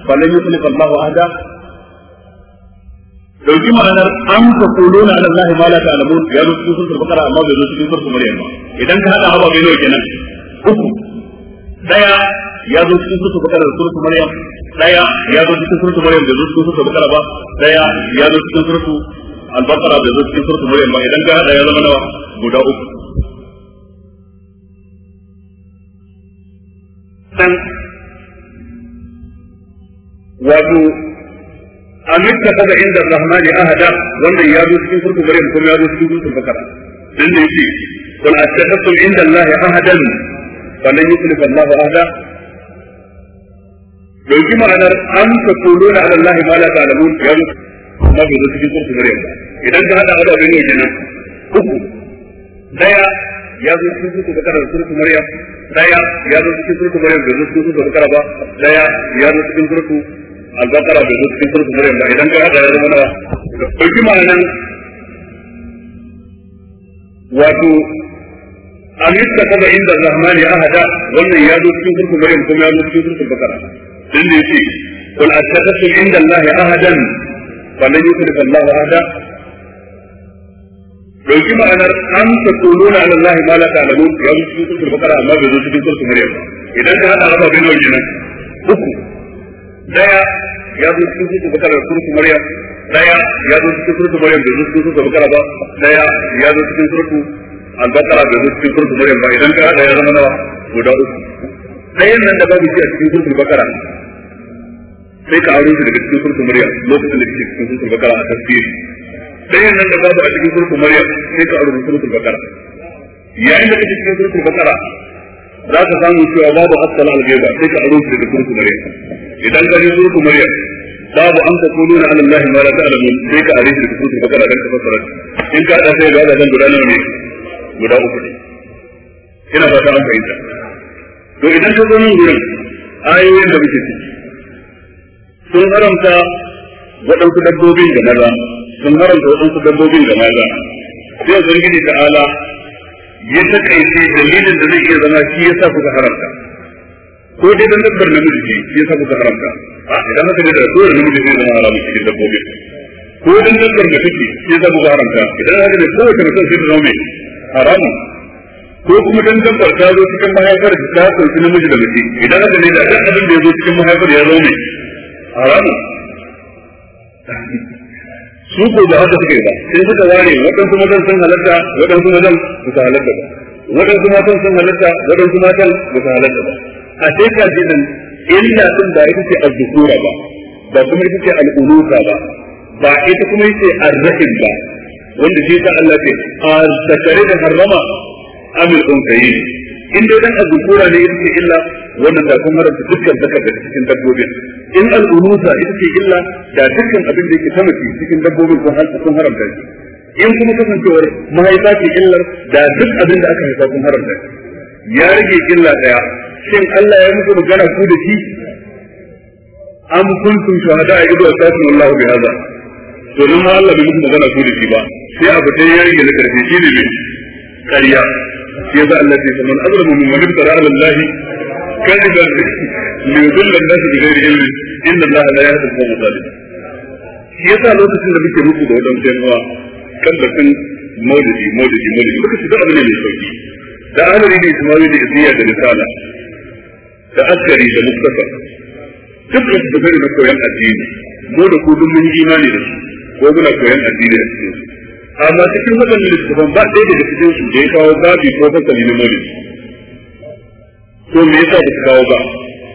falan yukhlif allah ahada dauki ma'anar an ta kulo na allah ma la ta'lamu ya zo cikin surtu bakara amma bai zo cikin surtu maryam ba idan ka hada haba bai nawa nan, uku daya ya zo cikin surtu bakara da surtu maryam daya ya zo cikin surtu maryam da zo cikin surtu bakara ba daya ya zo cikin surtu al-baqara da zai cikin surtu maryam ba idan ka hada ya zama nawa guda uku dan wato amin ka kaga inda rahmani ahada wannan ya zo cikin surtu maryam kuma ya zo cikin surtu bakara dan ne yake kun attakhtum inda allahi ahadan lan yuklifa allah ahada dauki ma'anar an ta kuluna ala allah ma la ta'lamun ya zo amma bai zo cikin kurku bare ba idan ka hada uku daya ya zo cikin kurku bakara da kurku maryam daya ya zo cikin kurku maryam zo cikin ba daya ya zo cikin kurku albakara bai zo cikin maryam ba idan ka hada ya zama nawa ɗauki ma'anan wato an kaba inda rahmani hada wannan ya zo cikin kurku maryam kuma ya zo cikin kurku bakara din da yake قل falan yusrif Allah ahada dauki ma'anar an ta kuluna ala Allah ma la ta'lamu ya zo cikin sura bakara amma bai zo cikin sura maryam idan ka hada raba bai nauyi nan uku daya ya zo cikin sura bakara sura maryam daya ya zo cikin sura maryam bai zo cikin sura bakara ba daya ya zo cikin sura al bai zo cikin sura maryam idan ka ya nawa nan bakara sai ka aure su daga cikin surtu murya lokacin da ke cikin surtu bakara a tasiri ɗayan nan da babu a cikin surtu murya sai ka aure surtu bakara yayin da kake cikin surtu bakara za ka samu cewa babu asal al sai ka aure su daga surtu murya idan ka je surtu murya babu an taquluna ala allahi ma la ta'lamun sai ka aure su daga surtu bakara dan ka fassara in ka da sai ga da guda nawa ne guda uku ne ina fata an fahimta to idan ka zo nan gurin ayoyin da muke ciki sun haramta waɗansu dabbobin da maza sun haramta waɗansu dabbobin da maza sai a zargi da ala ya takaice dalilin da zai iya zama shi sa kuka haramta ko dai dan dabbar namiji ce shi sa kuka haramta a idan haka ne da dole namiji zai zama haramun cikin dabbobin ko dan dabbar da take shi sa kuka haramta idan haka ne kowace mutum sai ta zama mai haramun ko kuma dan dabbar ta zo cikin mahaifar ta sauki namiji da mace idan haka ne da duk abin da ya zo cikin mahaifar ya zo mai haramun su ko da haka suke ba sai suka ware waɗansu matan sun halatta waɗansu matan ba su halatta ba waɗansu matan sun halatta waɗansu matan ba su halatta ba a sai ka ji nan illa sun ba ita ce azzukura ba ba kuma ita ce al'uluka ba ba ita kuma ita ce arrahim ba wanda shi ta Allah ce a zakare da harrama amil kayi in dai dan azkura ne yake illa wannan da kun haramta dukkan zaka daga cikin dabbobin in al'unusa yake illa da dukkan abin da yake tamaki cikin dabbobin har haramta kun haramta shi in kuma kasancewar mahaifa ce illar da duk abin da aka haifa kun haramta shi ya rage illa daya shin Allah ya muku magana ku da shi am kuntum shuhada a ido asasin Allah bi hada to nan Allah bai muku magana ku da shi ba sai abu dai ya rage na karfi shi ne kariya shi yasa Allah ya ce man mu mimman iftara ala Allah kadiban li yudilla an-nas bi ghairi ilmin inna Allah la yahdi al-qawm adh-dhalimin shi yasa lokacin da muke rubuta wajen jama'a kallafin maulidi maulidi maulidi muka ci da abu ne mai sauki da alari da ismaili da isiya da misala da askari da mustafa duk da su da koyan addini mu da ku duk mun imani da su ko muna koyan addini da su amma cikin waɗannan littattafan ba ɗaya daga cikin su da ya kawo babi ko fasali na mulki to me yasa ba su kawo ba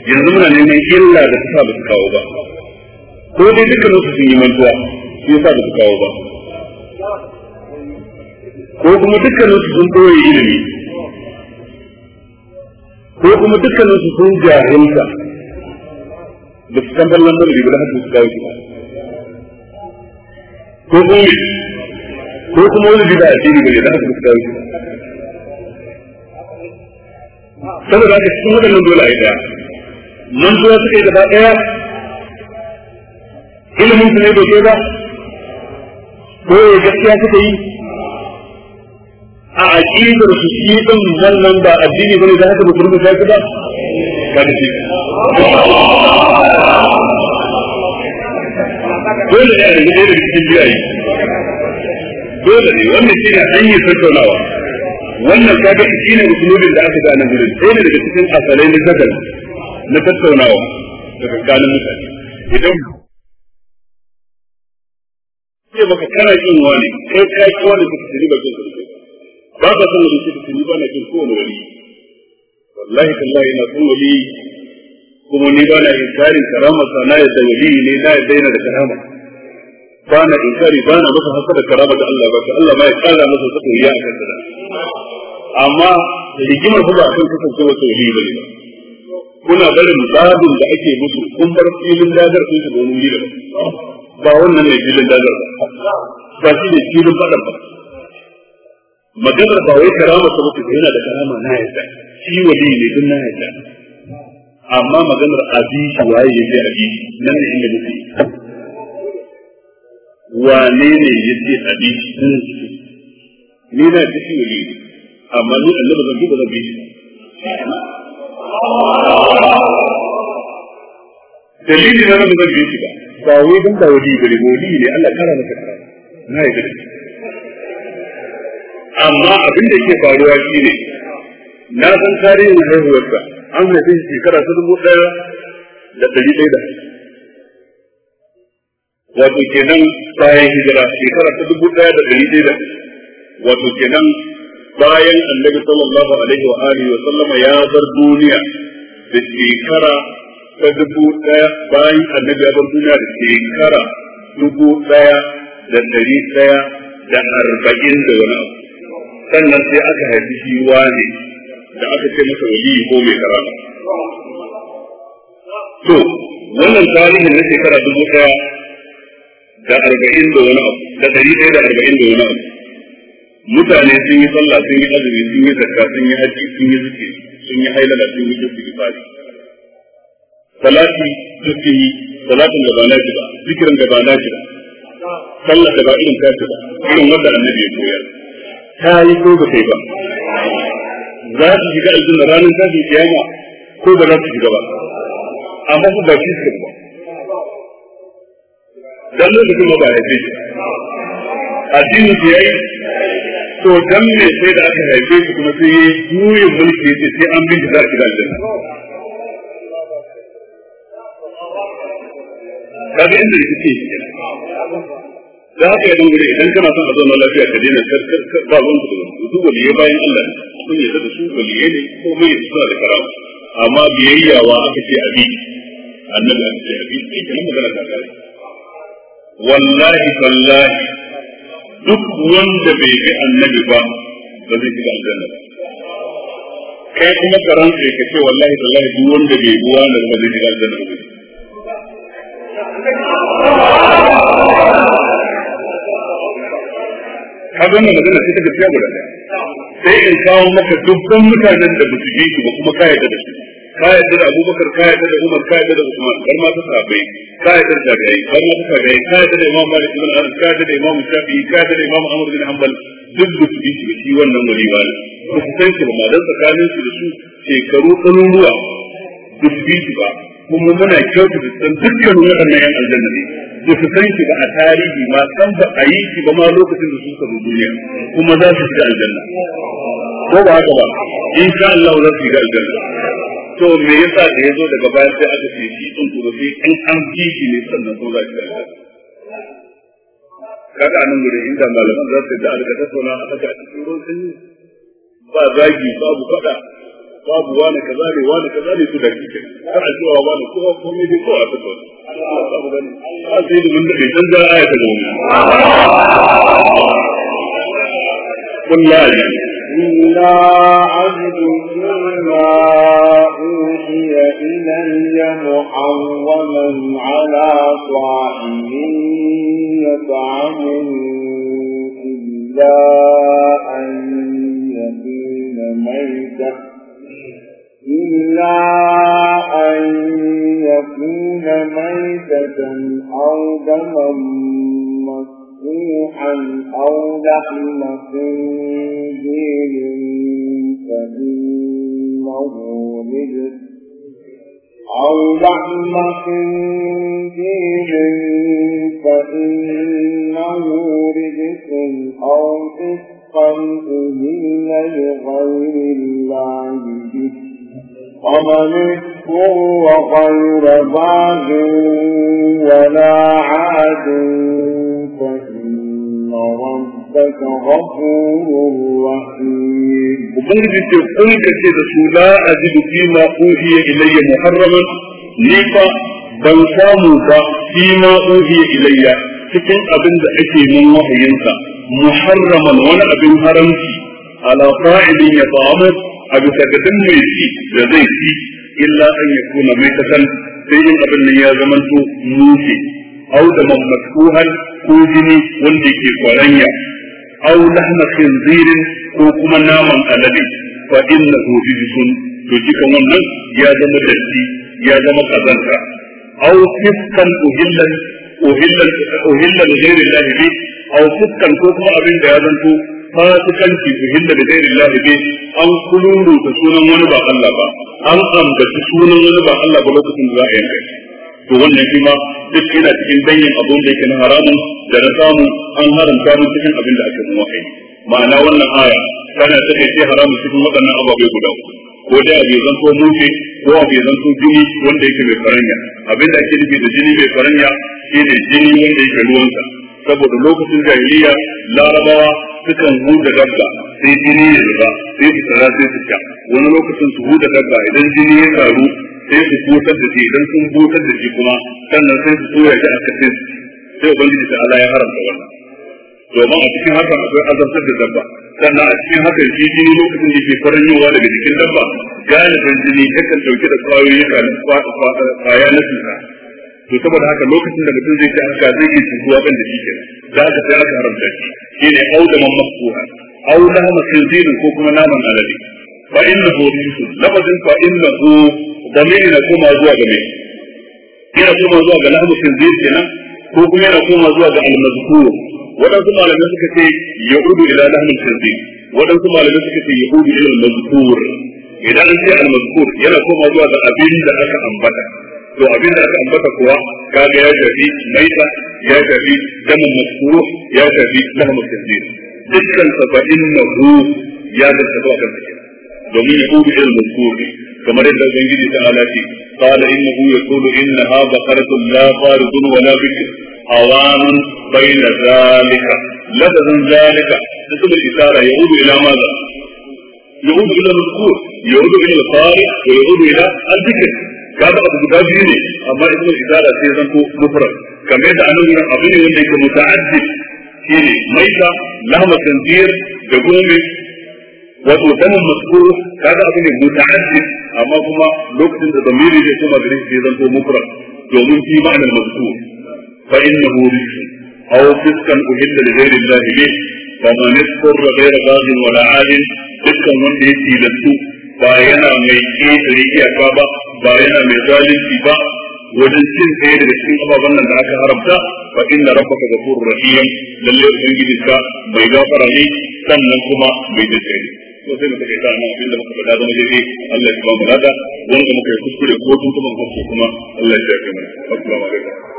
yanzu muna neman illa da ta sa ba su kawo ba ko dai dukkan su sun yi mantuwa shi yasa ba su kawo ba ko kuma dukkan su sun ɓoye ilimi ko kuma dukkan su sun jahilta da su kan ballon da rigar haka su kawo ko kuma ko kuma wani bida a cikin gari da aka fuska yi saboda haka cikin waɗannan dole a yi ɗaya mantuwa suka yi gaba ɗaya ilimin su ne bai kai ba ko ya gaskiya suka yi a aƙidar su shi ɗin wannan ba addini bane da haka ba turbi sai ba ka da shi dole ne yi da cikin biyayi dole ne wannan shine hanyar tattaunawa wannan kaga shine usulubin da aka gane gurin dole daga cikin asalai na zakar na tattaunawa daga ganin mutane idan ce baka kana jin wani kai kai ko wani ka tsiri ba jin ba ka san wani ka tsiri ba na jin ko wani wali wallahi tallahi na san wali kuma ni ba na yin karin karama sana ya da wali ne na ya daina da karama ba na inkari ba na masa hasada karama da Allah ba Allah ma ya kara masa sakuriya a kan amma rigimar ku ba a kan kasancewa sauri ba ne ba kuna barin babin da ake musu kun bar filin dadar sun shiga wani wuri ba wannan ne filin dadar ba ba shi ne filin faɗan ba maganar ba wai karama ta mutu yana da karama na yadda shi wali ne din na yadda amma maganar abi shi waye ya je abi nan ne inda mutu wane ne ya ce hadisi ni na ta shi wuri amma ni ba zan ba zan bi dalili na nan zan bi shi ba ba wai dan da wali gare wali ne Allah kara maka kara na yi gare amma abin da ke faruwa shi ne na san tarihin haihuwarsa an haife shi shekara ta dubu ɗaya da ɗari ɗaya da wato kenan bayan hijira shekara ta dubu ɗaya da dari ɗaya da wato kenan bayan annabi sallallahu alaihi wa alihi wa sallama ya bar duniya da shekara ta dubu ɗaya bayan annabi ya bar duniya da shekara dubu ɗaya da dari ɗaya da arba'in da wani abu sannan sai aka haifi shi wane da aka ce masa waliyi ko mai karama to wannan tarihin na shekara dubu daya da arba'in da wani abu da ɗari ɗaya da arba'in da wani abu mutane sun yi sallah sun yi azumi sun yi zakka sun yi haji sun yi zuke sun yi hailala sun yi zuke ifadi salati suke yi salatin da ba na shi ba zikirin da ba na shi ba sallah da ba irin ta shi ba irin wanda annabi ya koyar ta yi ko ba kai ba za su shiga aljanna ranar tashin kiyama ko ba za su shiga ba amma su ba shi su ba dan lokacin ma ba haife shi addinin su yayi to dan me sai da aka haife shi kuma sai yayi juyin mulki yace sai an bin da shi da aljanna kaga inda rikici da haka ya dogare idan kana son a zo na lafiya ka daina ba ruwan ku da duk waliye bayan Allah sun yarda da su waliye ne ko mai suna da karama amma biyayya wa aka ce abi annabi aka ce abi sai kana magana da kai wallahi wallahi duk wanda bai bi annabi ba ba zai shiga aljanna ba kai kuma ka rantsa ka ce wallahi wallahi duk wanda bai bi wanda ba zai shiga aljanna ba ka zo na magana sai ta guda sai in kawo maka dubban mutanen da ba su bi ba kuma ka yarda da su ka yadda da abubakar ka yadda da umar ka yadda da usman har ma ta sahabbai ka yadda da tabi'ai har ma ta tabi'ai ka yadda da imam malik ibn anas ka yadda da imam shafi'i ka yadda da imam ahmad bin hanbal duk da su bi shi wannan wali ba ko su san shi ba ma dan tsakanin su da su shekaru ɗaruruwa duk bi shi ba kuma muna kyautu da san dukkan waɗannan yan aljanna ne da su san shi ba a tarihi ma san ba a yi shi ba ma lokacin da su samu duniya kuma za su shiga aljanna ko ba haka ba in sha Allah za su shiga aljanna to me yasa da ya zo daga bayan sai aka ce shi din kuma sai in an bi ne sannan ko za ki da kaga nan gure inda malaman za su da alka sona a haka a cikin ruwan sanyi ba zagi babu faɗa babu wani kaza ne wani kaza ne su da kike har a cewa wani kowa ko me ne ko a tattauna babu sai da mun da bai canza aya ta gobe kullahi إلا عبد ما أوحي إلي محرما على طاعم يطعمه إلا أن يكون ميتا إلا أن يكون ميتة أو دما مسبوحا أو لحم خنزير فإنه رجس أو لحم خنزير فإنه رجس أو فسقا أهل لغير الله به ومن اذكر غير باغ ولا عاد ربك غفور رحيم وبنجي تقول كده لا أجد فيما أوحي إلي محرما ليفا ban samu ba fi ma uhiya ilayya cikin abin da ake min wahayinsa muharraman wani abin haramci ala fa'ilin ya ta'amu a bisa ga mai ci da zai ci illa an ya mai sai in abin ya zamanto nufi au da mammaktuhan ko jini wanda ke kwaranya aw lahma khinzirin ko kuma naman alade fa innahu rijsun to cikin wannan ya zama datti ya zama kazanta aw fiskan uhillan uhillan uhillan ghairi Allah bi aw fiskan ko kuma abin da ya zanto fasikanci uhilla da ghairi Allah bi an kuluru da sunan wani ba Allah ba an ambaci sunan wani ba Allah ba lokacin da za a yanka to wannan shi ma duk yana cikin danyen abin da yake na haramun da na samu an haramta mun cikin abin da ake nuna kai ma'ana wannan aya tana take ce haramun cikin waɗannan ababai guda uku ko dai abu zan so muke ko abu zan so jini wanda yake mai faranya abin da ake nufi da jini mai faranya shi ne jini wanda yake ruwansa saboda lokacin jahiliya larabawa sukan huda dabba sai jini ya zuba sai su tsara sai su sha wani lokacin su huda dabba idan jini ya taru sai su busar da shi idan sun busar da shi kuma sannan sai su tura shi a cikin sai ubangiji ta Allah ya haramta wannan domin a cikin hakan akwai azabtar da dabba sannan a cikin hakan shi jini lokacin da yake farin yowa daga jikin dabba gane ban jini yakan dauke da kwayoyi kan kwaya na cuta to saboda haka lokacin da mutum zai ci haka zai yi cutuwa ban da shi ke za ka sai aka haramta shi shi ne audaman maksuha au lahama khinzirin ko kuma naman alade Fa'in fa innahu rijsun lafazin fa innahu zamiri na koma zuwa ga mai yana koma zuwa ga lahmu khinzir kenan ko kuma yana koma zuwa ga al-mazkur wadansu malamai suka ce yaudu ila lahmu khinzir wadansu malamai suka ce yaudu ila al-mazkur idan an ce al-mazkur yana koma zuwa ga abin da aka ambata to abin da aka ambata kuwa kaga ya shafi maita ya shafi damin maskuru ya shafi lahmu khinzir dukkan sa fa innahu ya da tafi akan domin ya kudu irin maskuru kamar yadda ubangiji ta ala alaci qala innahu yaqulu innaha baqaratun la faridun wa la bikr awanun bayna zalika lafazin zalika da subul isara yaudu ila maza yaudu ila mazkur yaudu ila farid wa yaudu ila al-bikr kaga abu guda biyu ne amma ibnu isara sai zan ko mufrad kamar yadda annabi abu ne wanda yake muta'addi shine maita lahma tanzir da gome wato damin maskur kaga abu ne muta'addi amma kuma lokacin da zamiri zai koma gare shi zan to mukra domin fi ma'anar mazkur fa innahu rizqu aw fiskan uhilla li ghayri allahi bi fa man yasfurra ghayra ghadin wala adin dukkan wanda ya tilastu ba yana mai ƙetare iyaka ba ba yana mai zalunci ba wajen cin tsaye daga cikin ababen nan da aka haramta fa inna rabbaka ghafurur rahim lalle ubangijinka bai gafara ne sannan kuma bai dace ne to sai mu kaje ta nan abin da muka faɗa zama daidai Allah ya ba mu lada wanda muka yi kuskure ko tuntuban hakki kuma Allah ya shafe mu assalamu alaikum